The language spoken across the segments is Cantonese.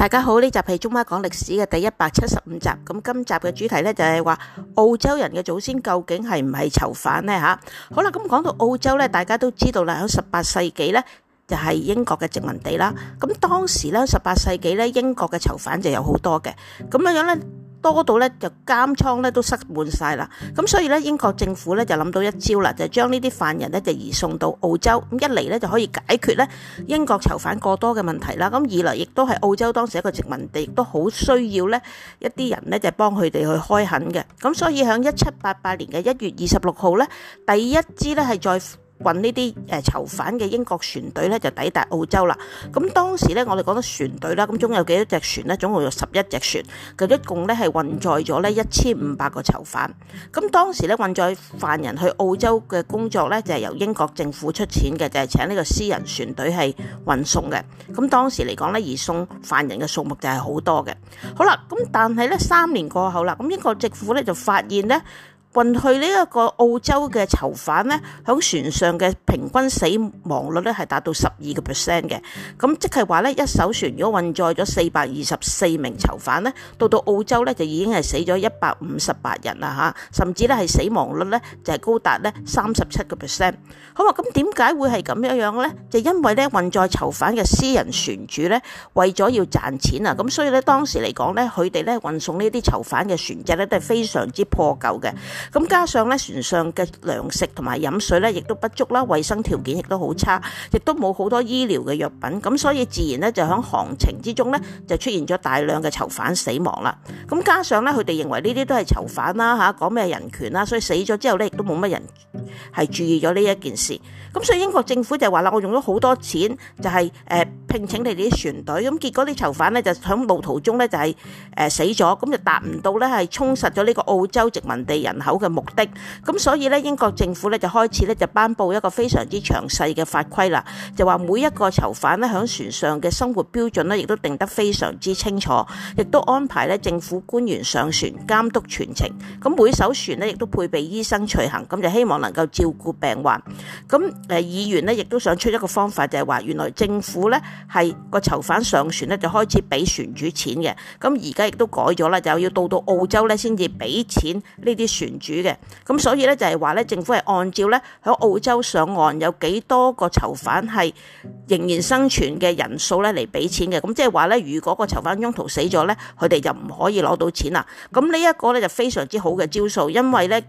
大家好，呢集係《中巴講歷史》嘅第一百七十五集，咁今集嘅主題咧就係話澳洲人嘅祖先究竟係唔係囚犯咧吓？好啦，咁講到澳洲咧，大家都知道啦，喺十八世紀咧就係英國嘅殖民地啦，咁當時咧十八世紀咧英國嘅囚犯就有好多嘅，咁樣樣咧。多到咧就監倉咧都塞滿晒啦，咁所以咧英國政府咧就諗到一招啦，就將呢啲犯人咧就移送到澳洲，咁一嚟咧就可以解決咧英國囚犯過多嘅問題啦，咁二嚟亦都係澳洲當時一個殖民地，亦都好需要咧一啲人咧就幫佢哋去開墾嘅，咁所以喺一七八八年嘅一月二十六號咧，第一支咧係再。運呢啲誒囚犯嘅英國船隊咧就抵達澳洲啦。咁當時咧，我哋講咗船隊啦，咁總有幾多隻船咧？總共有十一隻船，佢一共咧係運載咗咧一千五百個囚犯。咁當時咧運載犯人去澳洲嘅工作咧，就係由英國政府出錢嘅，就係請呢個私人船隊係運送嘅。咁當時嚟講咧，移送犯人嘅數目就係好多嘅。好啦，咁但係咧三年過後啦，咁英國政府咧就發現咧。運去呢一個澳洲嘅囚犯呢，喺船上嘅平均死亡率咧係達到十二個 percent 嘅。咁即係話呢，一艘船如果運載咗四百二十四名囚犯呢，到到澳洲呢，就已經係死咗一百五十八人啦吓，甚至咧係死亡率呢，就係高達呢三十七個 percent。好啊，咁點解會係咁樣樣呢？就因為呢，運載囚犯嘅私人船主呢，為咗要賺錢啊，咁所以呢，當時嚟講呢，佢哋呢，運送呢啲囚犯嘅船隻呢，都係非常之破舊嘅。咁加上咧船上嘅糧食同埋飲水咧，亦都不足啦，衛生條件亦都好差，亦都冇好多醫療嘅藥品，咁所以自然咧就喺航程之中咧就出現咗大量嘅囚犯死亡啦。咁加上咧佢哋認為呢啲都係囚犯啦嚇，講咩人權啦，所以死咗之後咧亦都冇乜人係注意咗呢一件事。咁所以英國政府就話啦，我用咗好多錢就係誒聘請你哋啲船隊，咁結果啲囚犯咧就喺路途中咧就係誒死咗，咁就達唔到咧係充實咗呢個澳洲殖民地人口嘅目的，咁所以咧，英國政府咧就開始咧就頒布一個非常之詳細嘅法規啦，就話每一個囚犯咧喺船上嘅生活標準咧，亦都定得非常之清楚，亦都安排咧政府官員上船監督全程。咁每艘船咧，亦都配備醫生隨行，咁就希望能夠照顧病患。咁誒議員呢，亦都想出一個方法，就係話原來政府咧係個囚犯上船咧就開始俾船主錢嘅，咁而家亦都改咗啦，就要到到澳洲咧先至俾錢呢啲船主嘅咁，所以咧就係話咧，政府係按照咧喺澳洲上岸有幾多個囚犯係仍然生存嘅人數咧嚟俾錢嘅。咁即係話咧，如果個囚犯中途死咗咧，佢哋就唔可以攞到錢啦。咁呢一個咧就非常之好嘅招數，因為咧。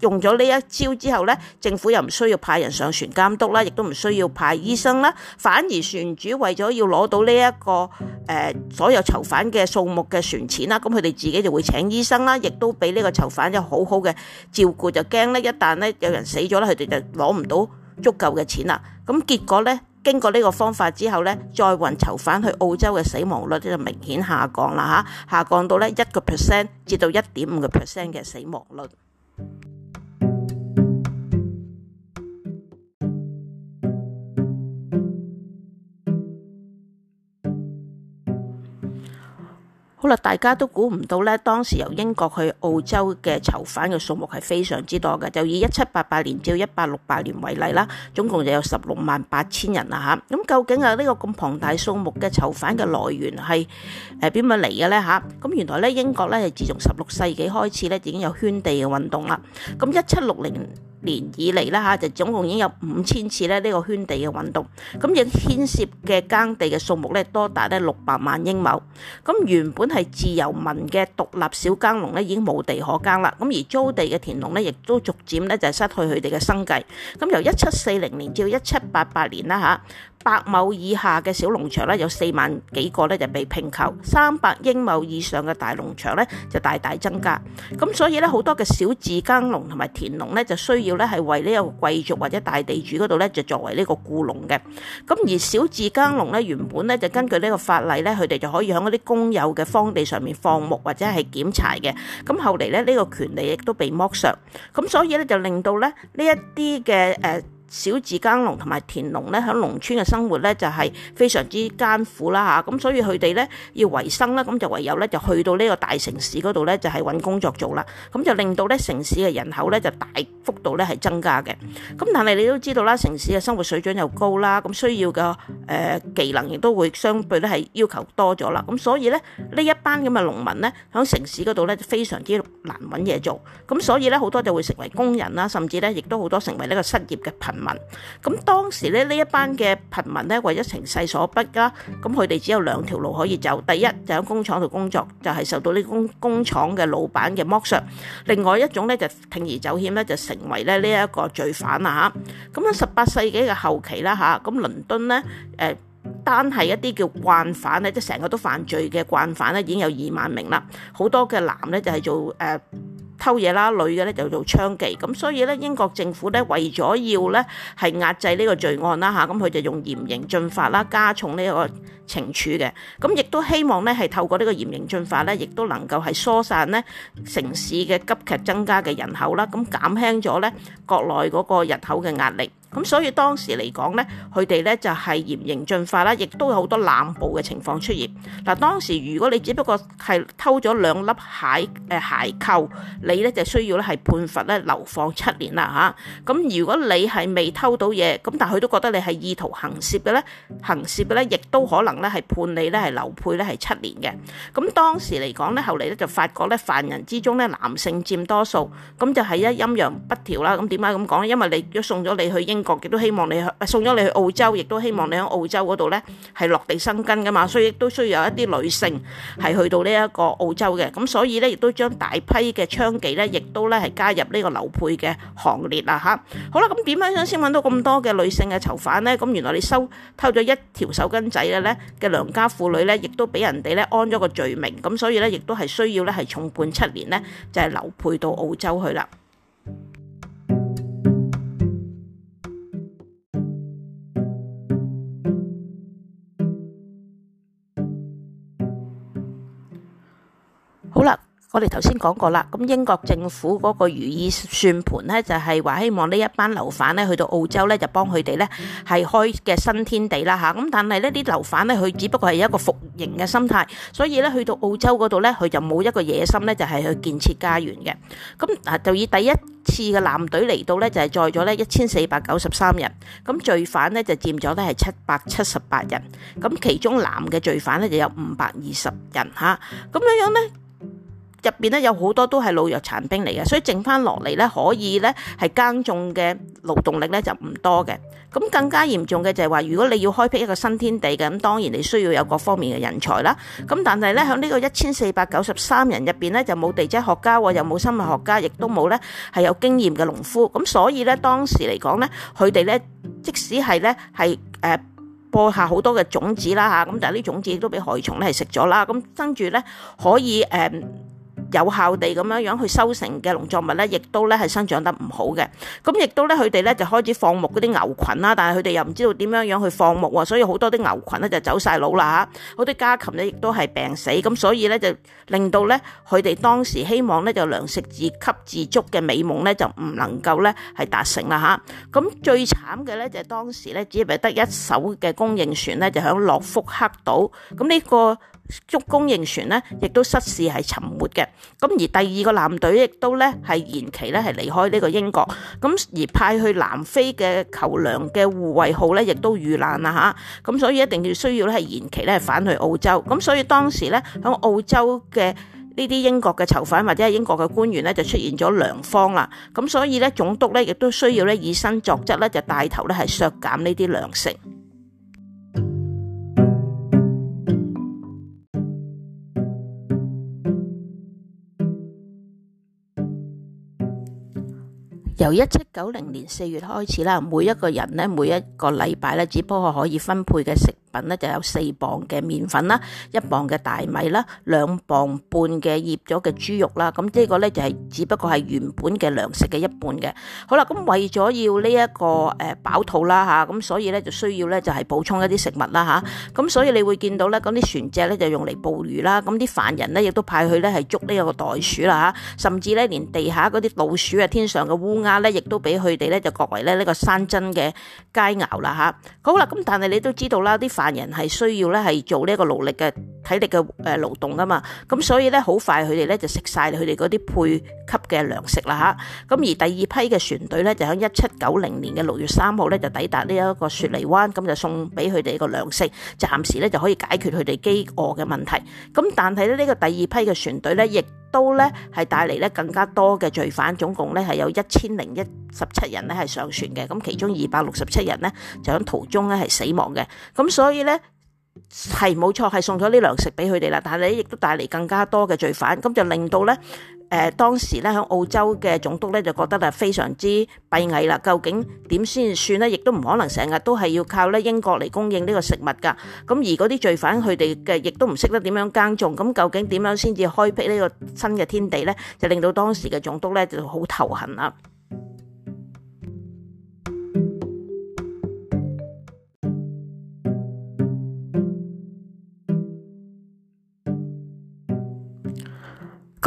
用咗呢一招之後咧，政府又唔需要派人上船監督啦，亦都唔需要派醫生啦。反而船主為咗要攞到呢一個誒、呃、所有囚犯嘅數目嘅船錢啦，咁佢哋自己就會請醫生啦，亦都俾呢個囚犯有好好嘅照顧。就驚咧，一旦咧有人死咗咧，佢哋就攞唔到足夠嘅錢啦。咁結果咧，經過呢個方法之後咧，再運囚犯去澳洲嘅死亡率就明顯下降啦嚇，下降到咧一個 percent 至到一點五個 percent 嘅死亡率。大家都估唔到咧，當時由英國去澳洲嘅囚犯嘅數目係非常之多嘅，就以一七八八年至一八六八年為例啦，總共就有十六萬八千人啦嚇。咁、啊、究竟啊呢個咁龐大數目嘅囚犯嘅來源係誒邊乜嚟嘅呢？嚇、啊？咁原來咧英國咧係自從十六世紀開始咧已經有圈地嘅運動啦。咁一七六零年以嚟啦嚇，就總共已經有五千次咧呢個圈地嘅運動，咁亦牽涉嘅耕地嘅數目咧多達咧六百萬英畝，咁原本係自由民嘅獨立小耕農咧已經冇地可耕啦，咁而租地嘅田農咧亦都逐漸咧就失去佢哋嘅生計，咁由一七四零年至到一七八八年啦嚇。百畝以下嘅小農場咧有四萬幾個咧就被拼購，三百英畝以上嘅大農場咧就大大增加。咁所以咧好多嘅小自耕農同埋田農咧就需要咧係為呢個貴族或者大地主嗰度咧就作為呢個雇農嘅。咁而小自耕農咧原本咧就根據呢個法例咧，佢哋就可以喺嗰啲公有嘅荒地上面放牧或者係剪柴嘅。咁後嚟咧呢個權利亦都被剝削，咁所以咧就令到咧呢一啲嘅誒。小自耕農同埋田農咧，喺農村嘅生活咧就係非常之艱苦啦嚇，咁所以佢哋咧要維生啦。咁就唯有咧就去到呢個大城市嗰度咧，就係揾工作做啦。咁就令到咧城市嘅人口咧就大幅度咧係增加嘅。咁但係你都知道啦，城市嘅生活水準又高啦，咁需要嘅誒技能亦都會相對咧係要求多咗啦。咁所以咧呢一班咁嘅農民咧喺城市嗰度咧非常之難揾嘢做，咁所以咧好多就會成為工人啦，甚至咧亦都好多成為呢個失業嘅貧民，咁當時咧，呢一班嘅貧民咧，為咗情勢所逼啦，咁佢哋只有兩條路可以走。第一就喺工廠度工作，就係、是、受到呢工工廠嘅老闆嘅剝削；另外一種咧就鋌而走險咧，就成為咧呢一個罪犯啦嚇。咁喺十八世紀嘅後期啦嚇，咁倫敦咧誒、呃，單係一啲叫慣犯咧，即係成日都犯罪嘅慣犯咧，已經有二萬名啦。好多嘅男咧就係做誒。呃偷嘢啦，女嘅咧就做娼妓，咁所以咧英國政府咧為咗要咧係壓制呢個罪案啦吓，咁、啊、佢就用嚴刑峻法啦加重呢個懲處嘅，咁亦都希望咧係透過呢個嚴刑峻法咧，亦都能夠係疏散咧城市嘅急劇增加嘅人口啦，咁、啊、減輕咗咧國內嗰個人口嘅壓力。咁所以當時嚟講咧，佢哋咧就係嚴刑峻法啦，亦都有好多濫捕嘅情況出現。嗱，當時如果你只不過係偷咗兩粒鞋誒鞋扣，你咧就需要咧係判罰咧流放七年啦吓，咁如果你係未偷到嘢，咁但係佢都覺得你係意圖行竊嘅咧，行竊嘅咧，亦都可能咧係判你咧係流配咧係七年嘅。咁當時嚟講咧，後嚟咧就發覺咧犯人之中咧男性占多數，咁就係、是、一陰陽不調啦。咁點解咁講咧？因為你若送咗你去英，亦都希望你去，送咗你去澳洲，亦都希望你喺澳洲嗰度咧，係落地生根噶嘛，所以亦都需要有一啲女性係去到呢一個澳洲嘅，咁所以咧亦都將大批嘅娼妓咧，亦都咧係加入呢個流配嘅行列啦，嚇！好啦，咁點解先先揾到咁多嘅女性嘅囚犯咧？咁原來你收偷咗一條手巾仔嘅咧嘅良家婦女咧，亦都俾人哋咧安咗個罪名，咁所以咧亦都係需要咧係重判七年咧，就係流配到澳洲去啦。我哋頭先講過啦，咁英國政府嗰個如意算盤呢，就係話希望呢一班流犯咧去到澳洲呢，就幫佢哋呢係開嘅新天地啦嚇。咁但係呢啲流犯呢，佢只不過係一個服刑嘅心態，所以呢去到澳洲嗰度呢，佢就冇一個野心呢，就係去建設家園嘅。咁啊就以第一次嘅艦隊嚟到呢，就係載咗呢一千四百九十三人，咁罪犯呢，就佔咗呢係七百七十八人，咁其中男嘅罪犯呢，就有五百二十人嚇，咁樣樣呢。入邊咧有好多都係老弱殘兵嚟嘅，所以剩翻落嚟咧可以咧係耕種嘅勞動力咧就唔多嘅。咁更加嚴重嘅就係話，如果你要開闢一個新天地嘅，咁當然你需要有各方面嘅人才啦。咁但係咧喺呢個一千四百九十三人入邊咧就冇地質學家，又冇生物學家，亦都冇咧係有經驗嘅農夫。咁所以咧當時嚟講咧，佢哋咧即使係咧係誒播下好多嘅種子啦吓，咁但係啲種子都俾害蟲咧係食咗啦。咁跟住咧可以誒。呃有效地咁樣樣去收成嘅農作物咧，亦都咧係生長得唔好嘅。咁亦都咧，佢哋咧就開始放牧嗰啲牛群啦，但係佢哋又唔知道點樣樣去放牧喎，所以好多啲牛群咧就走晒佬啦吓，好多家禽咧亦都係病死，咁所以咧就令到咧佢哋當時希望咧就糧食自給自足嘅美夢咧就唔能夠咧係達成啦吓，咁最慘嘅咧就係當時咧只係得一艘嘅供應船咧就響諾福克島，咁、這、呢個。足供應船咧，亦都失事係沉沒嘅。咁而第二個艦隊亦都咧係延期咧係離開呢個英國。咁而派去南非嘅求糧嘅護衛號咧，亦都遇難啦吓，咁、啊、所以一定要需要咧係延期咧係返去澳洲。咁、啊、所以當時咧響澳洲嘅呢啲英國嘅囚犯或者係英國嘅官員咧就出現咗糧荒啦。咁、啊、所以咧總督咧亦都需要咧以身作則咧就帶頭咧係削減呢啲糧食。由一七九零年四月開始啦，每一個人咧每一個禮拜咧，只不過可以分配嘅食。品咧就有四磅嘅麵粉啦，一磅嘅大米啦，兩磅半嘅醃咗嘅豬肉啦，咁呢個咧就係、是、只不過係原本嘅糧食嘅一半嘅。好啦，咁為咗要呢一個誒飽肚啦吓，咁、啊、所以咧就需要咧就係補充一啲食物啦吓。咁、啊、所以你會見到咧，咁啲船隻咧就用嚟捕魚啦，咁啲犯人咧亦都派去咧係捉呢個袋鼠啦吓、啊，甚至咧連地下嗰啲老鼠啊，天上嘅烏鴉咧，亦都俾佢哋咧就割為咧呢個山珍嘅佳肴啦吓。好啦，咁但係你都知道啦，啲。犯人係需要咧，係做呢一個勞力嘅體力嘅誒勞動噶嘛，咁所以咧好快佢哋咧就食晒佢哋嗰啲配給嘅糧食啦吓，咁而第二批嘅船隊咧就喺一七九零年嘅六月三號咧就抵達呢一個雪梨灣，咁就送俾佢哋一個糧食，暫時咧就可以解決佢哋飢餓嘅問題，咁但係咧呢、這個第二批嘅船隊咧亦。都咧係帶嚟咧更加多嘅罪犯，總共咧係有一千零一十七人咧係上船嘅，咁其中二百六十七人咧就喺途中咧係死亡嘅，咁所以咧。係冇錯。係送咗啲糧食俾佢哋啦，但係你亦都帶嚟更加多嘅罪犯，咁就令到咧誒、呃，當時咧喺澳洲嘅總督咧就覺得係非常之閉翳啦。究竟點先算咧？亦都唔可能成日都係要靠咧英國嚟供應呢個食物噶。咁而嗰啲罪犯佢哋嘅亦都唔識得點樣耕種，咁究竟點樣先至開闢呢個新嘅天地咧？就令到當時嘅總督咧就好頭痕啊。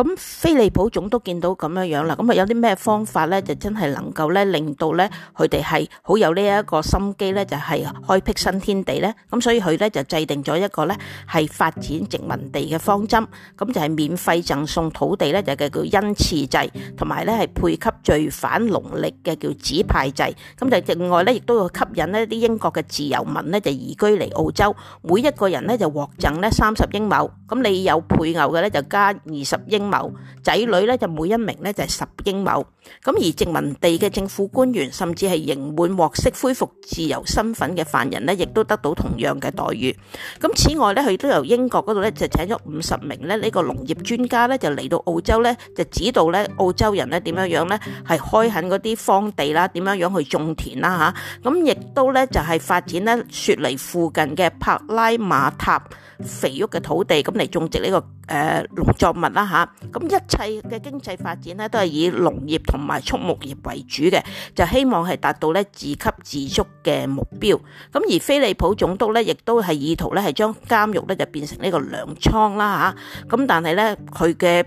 咁菲利普總督見到咁樣樣啦，咁啊有啲咩方法咧就真係能夠咧令到咧佢哋係好有呢一個心機咧，就係、是、開闢新天地咧。咁所以佢咧就制定咗一個咧係發展殖民地嘅方針，咁就係免費贈送土地咧，就叫做恩賜制，同埋咧係配給罪犯勞力嘅叫指派制。咁就另外咧亦都要吸引呢啲英國嘅自由民咧就移居嚟澳洲，每一個人咧就獲贈咧三十英畝，咁你有配偶嘅咧就加二十英。畝，仔女咧就每一名咧就係十英畝，咁而殖民地嘅政府官員甚至係刑滿獲釋恢復自由身份嘅犯人咧，亦都得到同樣嘅待遇。咁此外咧，佢都由英國嗰度咧就請咗五十名咧呢個農業專家咧就嚟到澳洲咧就指導咧澳洲人咧點樣樣咧係開墾嗰啲荒地啦，點樣樣去種田啦吓。咁亦都咧就係發展咧雪梨附近嘅帕拉馬塔。肥沃嘅土地咁嚟種植呢、呢個誒農、呃、作物啦吓，咁、啊、一切嘅經濟發展咧都係以農業同埋畜牧業為主嘅，就希望係達到咧自給自足嘅目標。咁而菲利普總督咧亦都係意圖咧係將監獄咧就變成個倉、啊、呢個糧倉啦吓，咁但係咧佢嘅。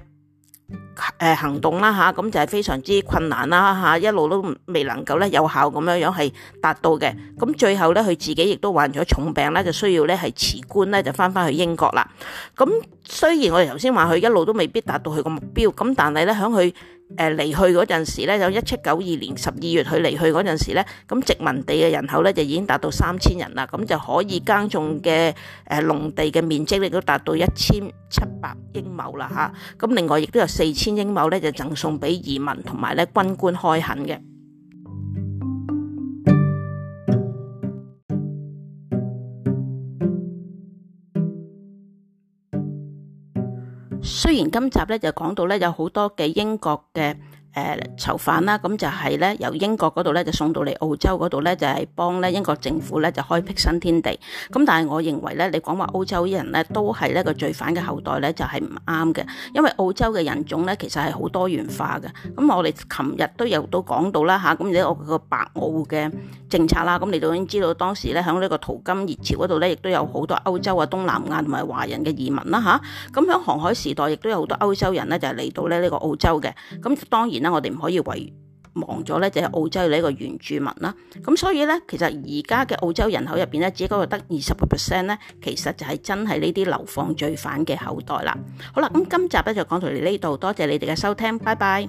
誒，行動啦吓，咁就係非常之困難啦吓，一路都未能夠咧有效咁樣樣係達到嘅，咁最後咧佢自己亦都患咗重病咧，就需要咧係辭官咧就翻翻去英國啦。咁雖然我哋頭先話佢一路都未必達到佢個目標，咁但係咧喺佢。誒、呃、離去嗰陣時咧，就一七九二年十二月佢離去嗰陣時咧，咁殖民地嘅人口咧就已經達到三千人啦，咁就可以耕種嘅誒、呃、農地嘅面積亦都達到一千七百英畝啦吓，咁另外亦都有四千英畝咧就贈送俾移民同埋咧軍官開墾嘅。雖然今集咧就講到咧有好多嘅英國嘅。誒囚犯啦，咁就係咧由英國嗰度咧就送到嚟澳洲嗰度咧，就係幫咧英國政府咧就開闢新天地。咁但係我認為咧，你講話澳洲啲人咧都係呢個罪犯嘅後代咧，就係唔啱嘅，因為澳洲嘅人種咧其實係好多元化嘅。咁我哋琴日都有都講到啦吓，咁你且個白澳嘅政策啦，咁你都已經知道當時咧響呢個淘金熱潮嗰度咧，亦都有好多歐洲啊、東南亞同埋華人嘅移民啦吓，咁響航海時代亦都有好多歐洲人咧就嚟到咧呢個澳洲嘅。咁當然。我哋唔可以遺忘咗咧，即係澳洲呢一個原住民啦。咁所以咧，其實而家嘅澳洲人口入邊咧，只係嗰個得二十個 percent 咧，其實就係真係呢啲流放罪犯嘅後代啦。好啦，咁今集咧就講到嚟呢度，多謝你哋嘅收聽，拜拜。